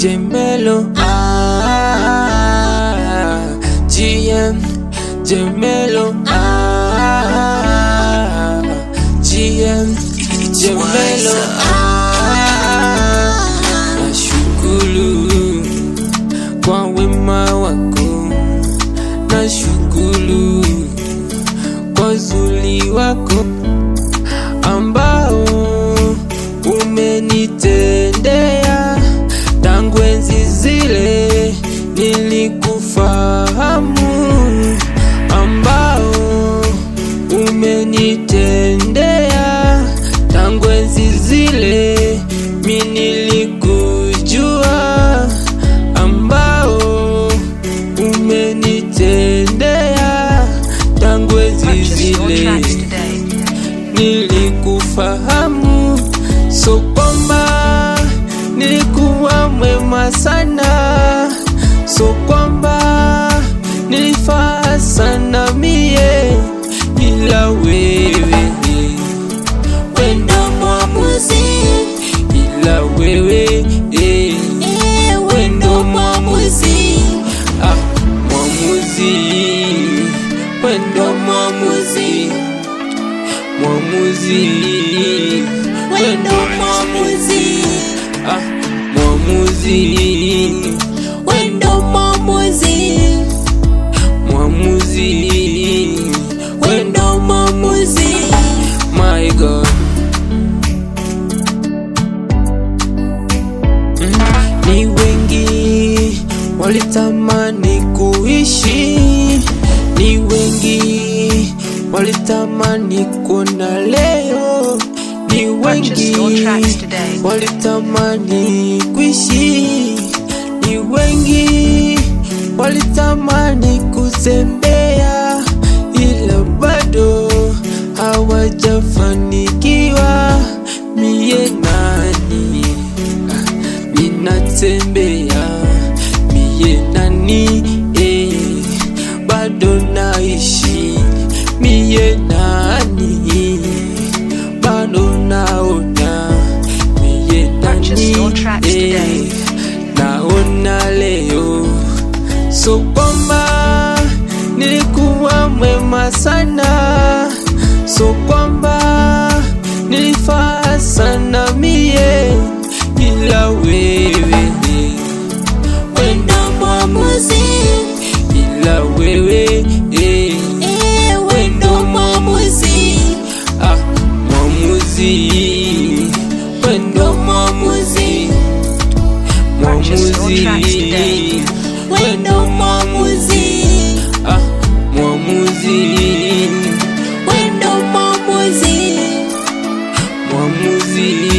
Jemelo Melo ah, GM Jemelo ah, GM Jemelo ah, nashukuru kwa wema wako, nashukuru kwa uzuri wako mbele. Nilikufahamu so kwamba nilikuwa mwema sana, so kwamba nilifaa sana mie, ila wewe wendo mwamuzi, ila wewe eh. Eh, mwamuzi, ah, mwamuzi wendo Ah, mwamuzi, mwamuzi, mwamuzi, mwamuzi, my God mm. Ni wengi walitamani kuishi walitamani kuona leo, ni wengi walitamani kuishi, ni wengi walitamani kutembea, ila bado hawajafanikiwa. Mie nani binatembea niye nani bado naona eh, today. nani naona leo so ni kuwa mwema sana mwamuzi, mwamuzi, wewe ndo mwamuzi, ah, mwamuzi, wewe ndo mwamuzi, mwamuzi